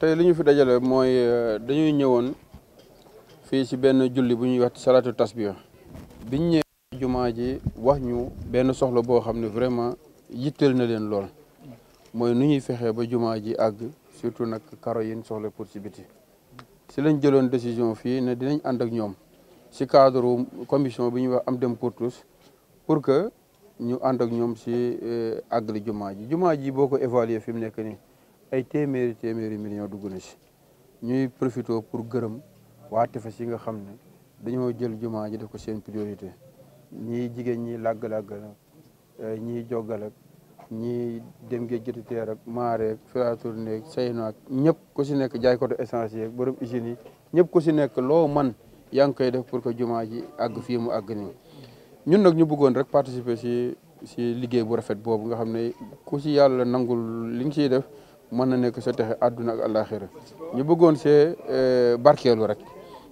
te li ñu fi dajale mooy euh, dañuy ñëwoon fii si benn julli bu ñuy wax salaatu tasbih biñ ñëwee jumaa ji wax ñu benn soxla boo xam ne vraiment yitteel na leen lool mooy nu ñuy fexe ba jumaa ji àgg surtout nag karo yin soxla pour si biti si lañ jëloon décision fii ne dinañ ànd ak ñoom si cadre commission bi ñuy wax am dem pour tous pour que ñu ànd ak ñoom si euh, àggali jumaa ji jumaa ji boo ko évaluer fi mu nekk nii ay téeméeri téeméeri million dugg na si ñuy profité pour gërëm waa tefes yi nga xam ne dañoo jël jumaa ji def ko seen priorité ñii jigéen ñi làgg-làggal ak euh, ñii jogal ñi dem géej jëti teer ak néeg firatourneeg sayno ak ñëpp ku si nekk jaay koto essence yeeg borom usines yi ñëpp ku si nekk loo man yaa ngi koy def pour que jumaa ji àgg fii mu àgg ni ñun nag ñu bëggoon rek participer si si liggéey bu rafet boobu nga xam ne ku si yàlla nangul li nga siy def mën na nekk sa texe àdduna ak àllaaxira ñu bëggoon see eh, barkeelu rek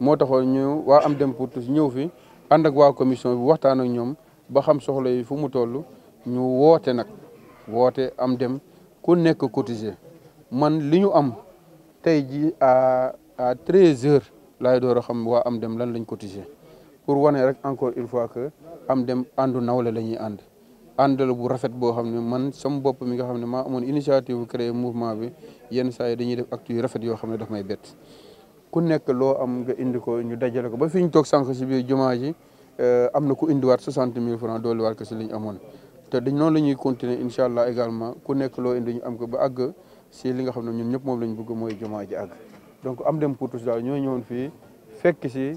moo taxoon ñu waa am dem pour tous ñëw fi ànd ak waa commission bi waxtaan ak ñoom ba xam soxla yi fu mu toll ñu woote nag woote am dem ku nekk cotiser man li ñu am tey ji à à treize heures laay door xam waa am dem lan lañ cotiser pour wanee rek encore il fois que am dem àndu nawle la ñuy ànd ànd la bu rafet boo xam ne man sama bopp mi nga xam ne maa amoon initiative bu créer mouvement bi yenn saa yi dañuy def acte yu rafet yoo xam ne daf may bett ku nekk loo am nga indi ko ñu dajale ko ba fi ñu toog sànq si biir jumaa ji eh, am na ku indiwaat soixante mille francs dolliwaat ko si li ñu amoon dañ noonu la ñuy continuer incha allah également ku nekk loo indi am ko ba àgg si li nga xam ne ñun ñëpp moom la ñu bëgg mooy jumaa ji àgg donc am dem pour daal ñoo ñëwoon fii fekk si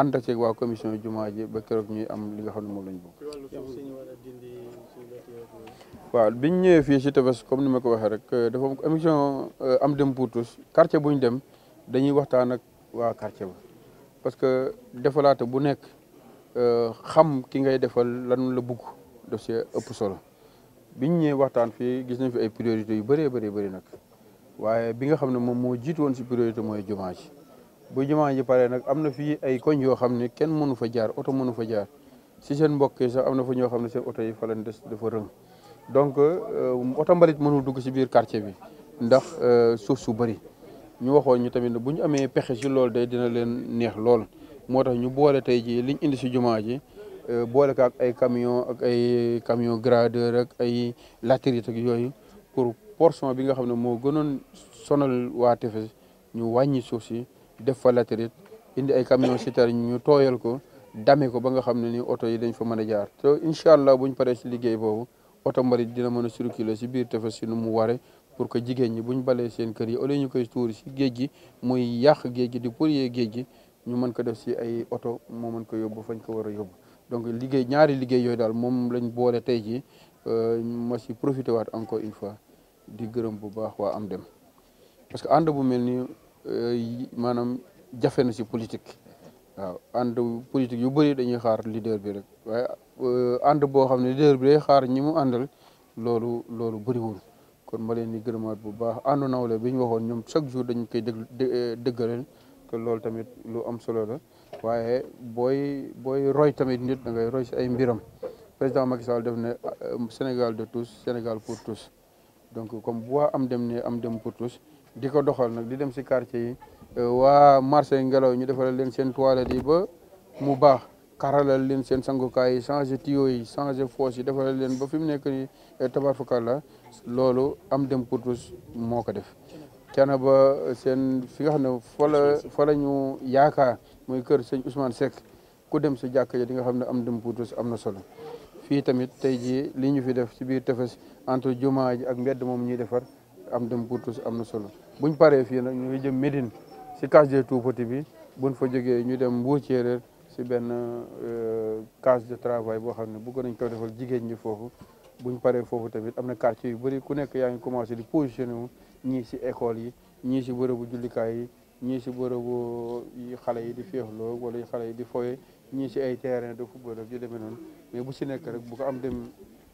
ànd ak waa commission jumaa ji ba keroog ñuy am li nga xam ne moom lañ bëgg. waaw biñ ñëwee fii si tebes comme ni ma ko waxee rek euh, dafa am émission euh, am dem pour tous quartier buñ dem dañuy waxtaan ak waa quartier ba parce que defalaate bu nekk euh, xam ki ngay defal lan la bugg daf see ëpp solo biñ ñëwee waxtaan fii gis nañ fi ay priorité yu bëree bëri bëri nag waaye bi nga xam ne moom moo jiitu woon si priorité mooy jumaa ji bu jumaa ji pare nag am na fii ay koñ yoo xam ne kenn mënu fa jaar oto mënu fa jaar si seen mbokk sax am na fa ñoo xam ne seen oto yi fa lañ des dafa rëng donc euh, oto mbalit mënu dugg si biir quartier bi ndax euh, suuf su bëri ñu waxoon ñu tamit bu ñu amee pexe si lool day dina leen neex lool moo tax ñu boole tey jii liñ indi si jumaa ji euh, boole ko ak ay camion ak ay camion gradeur ak ay latérite ak yooyu pour portion bi nga xam ne moo gënoon sonal waa tefes ñu wàññi suuf si def fa latérite indi ay camion citerne ñu tooyal ko dame ko ba nga xam ne ni oto yi dañ fa mën a jaar te incha allah buñ paree si liggéey boobu oto mbalit dina mën a circuler si biir tefes si nu mu ware pour que jigéen ñi buñ balee seen kër yi au lieu ñu koy tuur si géej gi muy yàq géej gi di pourrier géej gi ñu mën ko def si ay oto moo mën ko yóbbu fañ ko war a yóbbu donc liggéey ñaari liggéey yooyu daal moom lañ boole tey jii euh, ma si profité waat encore une fois di gërëm bu baax waa am dem parce que bu mel nii Euh, maanaam jafe na si politique waaw ànd politique yu bëri dañuy xaar leader bi rek waaye euh, ànd boo xam ne leader bi day xaar ñi mu àndal loolu loolu bëriwul kon ma leen di gërëmaat bu baax àndu nawle bi ñu waxoon ñoom chaque jour dañ koy déglu euh, dëggaleel te loolu tamit lu am solo la waaye booy booy roy tamit nit da ngay roy si ay mbiram président Macky Sall def ne Sénégal de tous Sénégal pour tous donc comme bu waa am dem ne am dem pour tous di doxal nak di dem si quartier yi euh, wa marché ngelaw ñu defal leen seen toilette yi ba mu baax karalal leen seen sangukaay yi changer tuyau yi changer fosse yi defal leen ba fim mu nekk ni euh, tabarfakalla lolu am dem pour tous moo def cana ba euh, seen fi nga xamne ne fa la fa la ñu yaaka muy keur seigne Ousmane sek ku dem ci jakk ji di nga xamne am dem tous solo fii tamit tay ji li ñu fi def ci biir tefes entre jumaa ak mbedd mom ñuy defar am dem Poutous am na solo buñ paree fii nag ñu ngi jëm Médine si case des tout-petits bi buñ fa jógee ñu dem Mbour Thiérère si benn euh, case de travail boo xam ne bëgg nañ ko defal jigéen ñi foofu buñ paree foofu tamit am na quartier yu bëri ku nekk yaa ngi commencé di positionné wu ñii si école yi ñii si bërëbu jullikaay yi ñii si bërëbu xale yi di féexloo yi xale yi di foye ñii si ay terrain de football ak yu demee noonu mais bu si nekk rek bu ko am dem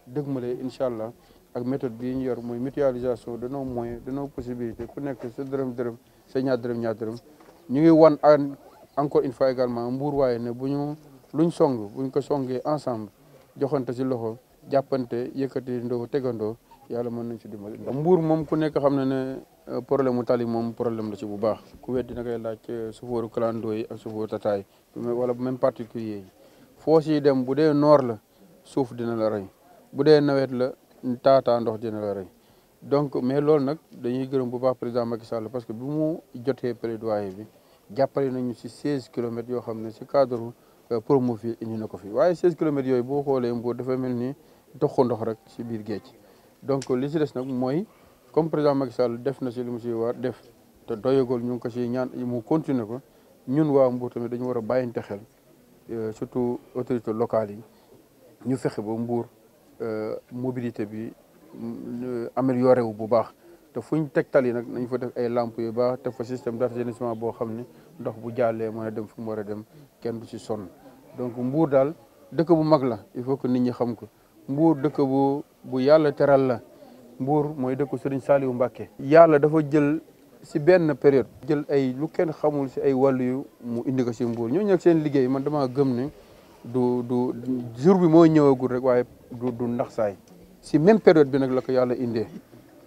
dëgmale incha allah ak méthode bii ñu yor mooy mutualisation de nos moyens de nos possibilités ku nekk sa dërëm dërëm sa ñaar dërëm ñaar dërëm ñu ngi wan encore une fois également mbuur waaye ne bu ñu luñ song buñ ko songee ensemble joxante si loxo jàppante yëkkati ndoo tegandoo yàlla mën nañ si dimbali. mbuur moom ku nekk xam na ne euh, problème mu tali moom problème la si bu baax ku weddi na koy laaj sufóoru euh, clando yi ak sufóoru tataay wala même particulier yi foo siy dem bu dee noor la suuf dina la rey bu dee nawet la. taataa ndox dina la rey donc mais loolu nag dañuy gërëm bu baax président Macky Sall parce que bi mu jotee plaidoyer bi jàppale nañu si 16 kilomètres yoo xam ne si cadre euh, Promovilles indi na ko fi waaye 16 kilomètres yooyu boo xoolee Mbour dafa mel ni doxu ndox rek si biir géej donc li si des nag mooy comme président Macky Sall def na si li mu si war def te doyagul ñu ngi ko si ñaan mu continuer ko ñun waa Mbour tamit dañu war a bàyyinte xel euh, surtout autorité locales yi ñu fexe ba mbuur Euh, mobilité bi euh, amélioré wu bu baax te fu ñu teg tali nag nañ fa def ay lampe yu baax te fa système d'assainissement boo xam ne ndox bu jàllee mën a fu mu war a dem kenn du ci sonn donc mbuur daal dëkk bu mag la il faut que nit ñi xam ko mbuur dëkk bu bu yàlla teral la mbuur mooy dëkk Serigne Saliou Mbacké yàlla dafa jël si benn période jël ay lu kenn xamul si ay wàllu yu mu indi ko si mbuur ñooñ ñëw seen liggéey man dama gëm ne du du jour bi moo ñëwagul rek waaye du du ndax saay si même période bi nag la ko yàlla indee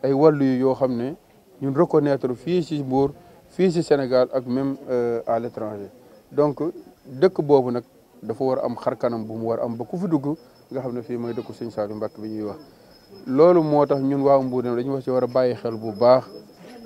ay wàllu yoo xam ne ñun reconnaître fii si Mbour fii si Sénégal ak même euh, à l'étranger donc dëkk boobu nag dafa war a am xar kanam bu mu war a am ba ku fi dugg nga xam ne fii mooy dëkku Sëñ Saliou Mbacké bi ñuy wax loolu moo tax ñun waaw waa Mbour dañu wax si war a bàyyi xel bu baax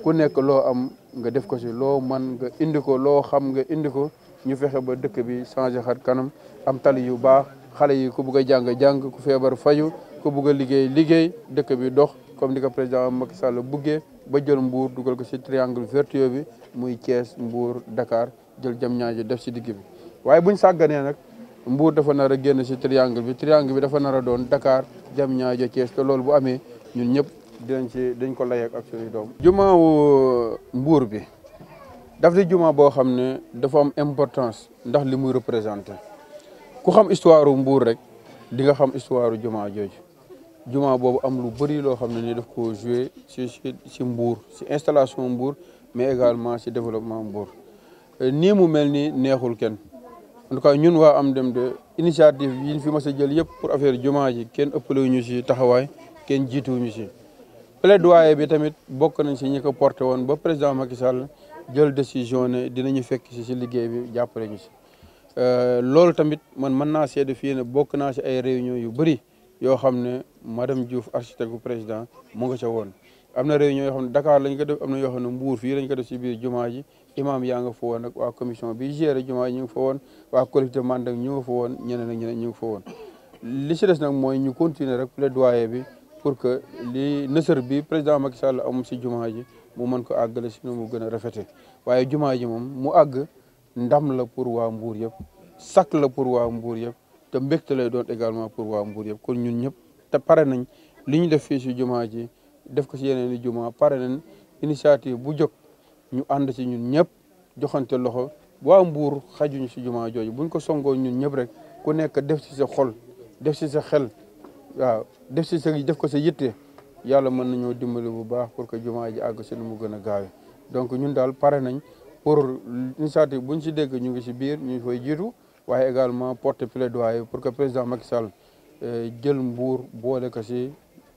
ku nekk loo am nga def ko si loo man nga indi ko loo xam nga indi ko ñu fexé ba dëkk bi changé xat kanam am tali yu baax xalé yi ku bëgg jàng jàng ku fébar fayu ku bëgg liggéey liggéey dëkk bi dox comme ni ko président Macky Sall buggé ba jël Mbour duggal ko ci triangle vertueux bi muy Thiès Mbour Dakar jël jam ñaaji def ci digg bi waye buñu sàgganee nak Mbour dafa na a génn ci triangle bi triangle bi dafa na doon Dakar jam ñaaji Thiès té loolu bu amé ñun ñëpp dinañ ci dañ ko layé ak suñuy doom Mbour bi dafa djuma bo xamné dafa am importance ndax li muy représenté ku xam histoire Mbour rek di nga xam histoire djuma jooju djuma bobu am lu bari lo xamné ni daf ko jouer ci si Mbour ci installation Mbour mais également ci développement Mbour euh, ni mu melni neexul ken en tout cas ñun wa am dem de initiative yi ñu fi mas a jël yépp pour affaire juma ji ñu ci taxaway ken kenn ñu ci plaidoyer bi tamit bokk nañ ci ñi ko porté won ba président Macky Sall jël décision ne ñu fekk si si liggéey bi jàppale ñu si euh, loolu tamit man mën naa seede fii ne bokk naa si ay réunion yu bëri yoo xam ne madame Diouf architecte bu président moo nga ca woon am na réunion yoo xam ne Dakar lañ ko def am na yoo xam ne Mbour fii lañ ko def si biir jumaa ji imaam yaa nga fa woon ak waa commission bi géré jumaa ji ñu ngi fa woon waa collectivité Mandeng ñu nga fa woon ñeneen ak woon li si des nag mooy ñu continuer rek plaidoyer bi pour que li nësër bi président Macky Sall am si jumaa ji mu mën ko àggale si nu mu gën a rafete waaye jumaa ji moom mu àgg ndam la pour waa mbuur yëpp sakk la pour waa Mbour yëpp te mbégte lay doon également pour waa Mbour yëpp kon ñun ñëpp te pare nañ li ñu def fii si jumaa ji def ko si yeneen i jumaa pare nañ initiative bu jóg ñu ànd si ñun ñëpp joxante loxo waa Mbour xajuñu si jumaa jooju buñ ko songoo ñun ñëpp rek ku nekk def si sa xol def si sa xel waaw def si sa def ko sa yitte yàlla mën nañoo dimbali bu baax pour que jumaa ji àgg si nu mu gën a gaawe donc ñun daal pare nañ pour bu ñu si dégg ñu ngi si biir ñu fay jiitu waaye également porte plaidoyer pour que président Macky Sall euh, jël mbuur boole ko si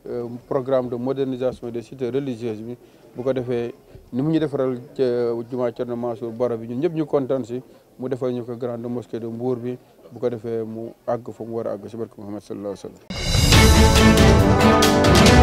euh, programme de modernisation des cités religieuses bi bu ko defee ni mu ñu defaral euh, jumaa Cerno Mansour Bara bi ñun ñëpp ñu kontaan si mu defal ñu ko grande mosquée de mbuur bi bu ko defee mu àgg fa mu war a àgg si barke Muhammad sallallahu alayhi wa